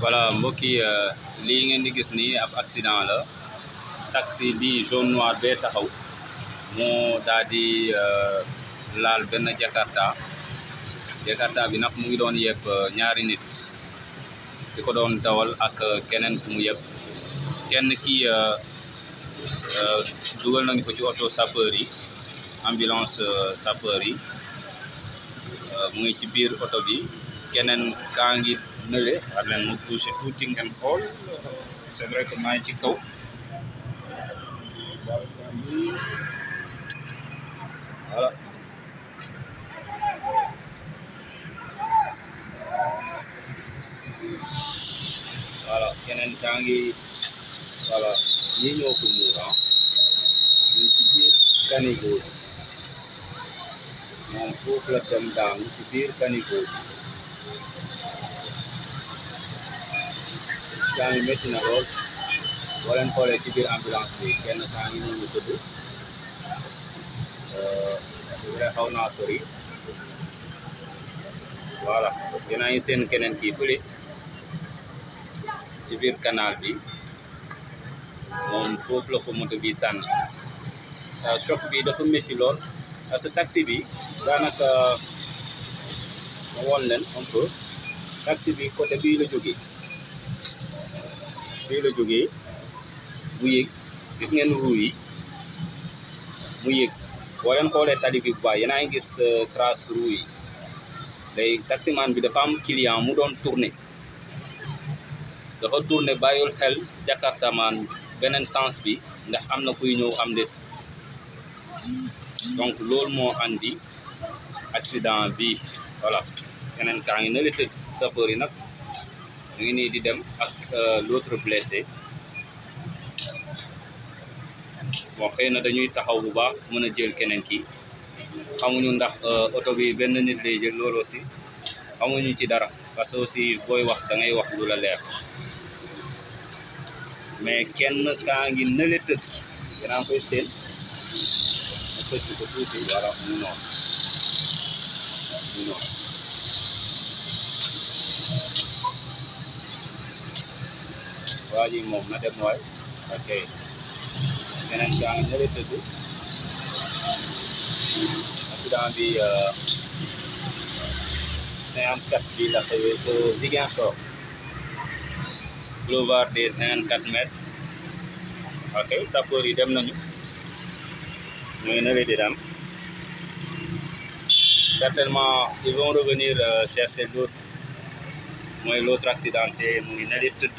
voilà mbokk yi euh, lii ngeen di gis nii ab accident la taxi bi jaune noir bee taxaw moo daal di euh, laal jakarta jakarta bi nag mu ngi doon yeb euh, ñaari nit di ko dawal ak kenen ku mu yeb kenn ki dugal nañ ko ci oto sapeur yi ambulance sapeur yi mu ngi ci biir oto bi kenen kangi nële war leen mu touché call, ngeen xool c'est vrai que maa ci kaw voilà voilà keneen daa voilà ñii ñoo ci la dem ci bi métti na lool boo leen xoolee ci biir ambulance bi kenn saa ngi noonu tëdd vrai xaw naa sori voilà dinaa ngi seen keneen kii fële ci biir canal bi moom foofu la ko moto bi choc bi dafa métti lool parce taxi un peu taxi fii la jógee mu yëg gis ngeen ruu yi mu yëg boo leen xoolee tali bi bu baax yéen ngi gis trace ruu yi léegi taximan bi dafa am client mu doon tourné dafa tourné bàyyul xel jakartamaan beneen sens bi ndax am na kuy ñëw am déet donc loolu moo andi accident bi voilà keneen kaa ngi na tëj sapeur yi nag ñu nii di dem ak euh, l'autre blessé bon xëy na dañuy taxaw bu baax mën a jël keneen ki xamuñu ndax euh, oto bi benn nit lay jël loolu xamuñu ci dara parce que aussi booy wax dangay wax lu leer mais kenn kaa ngi nële tëdd dinaa seen ma tëj ko tuuti voilà mu noonu mu noonu waa moom na dem waay ok keneen gaa ngi nële tëdd accident bi cinquante euh, quatre bi la xewee ko Ziguinchor des cinquante quatre ok sapeur yi dem nañu ñu ngi nële di dem certainement ils vont revenir euh, chercher l'autre mooy l'autre accidenté mu ngi nële tëdd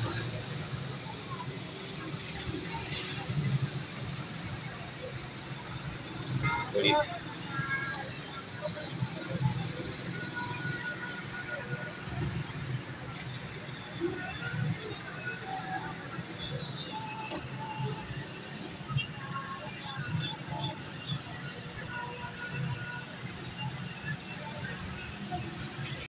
Por isso.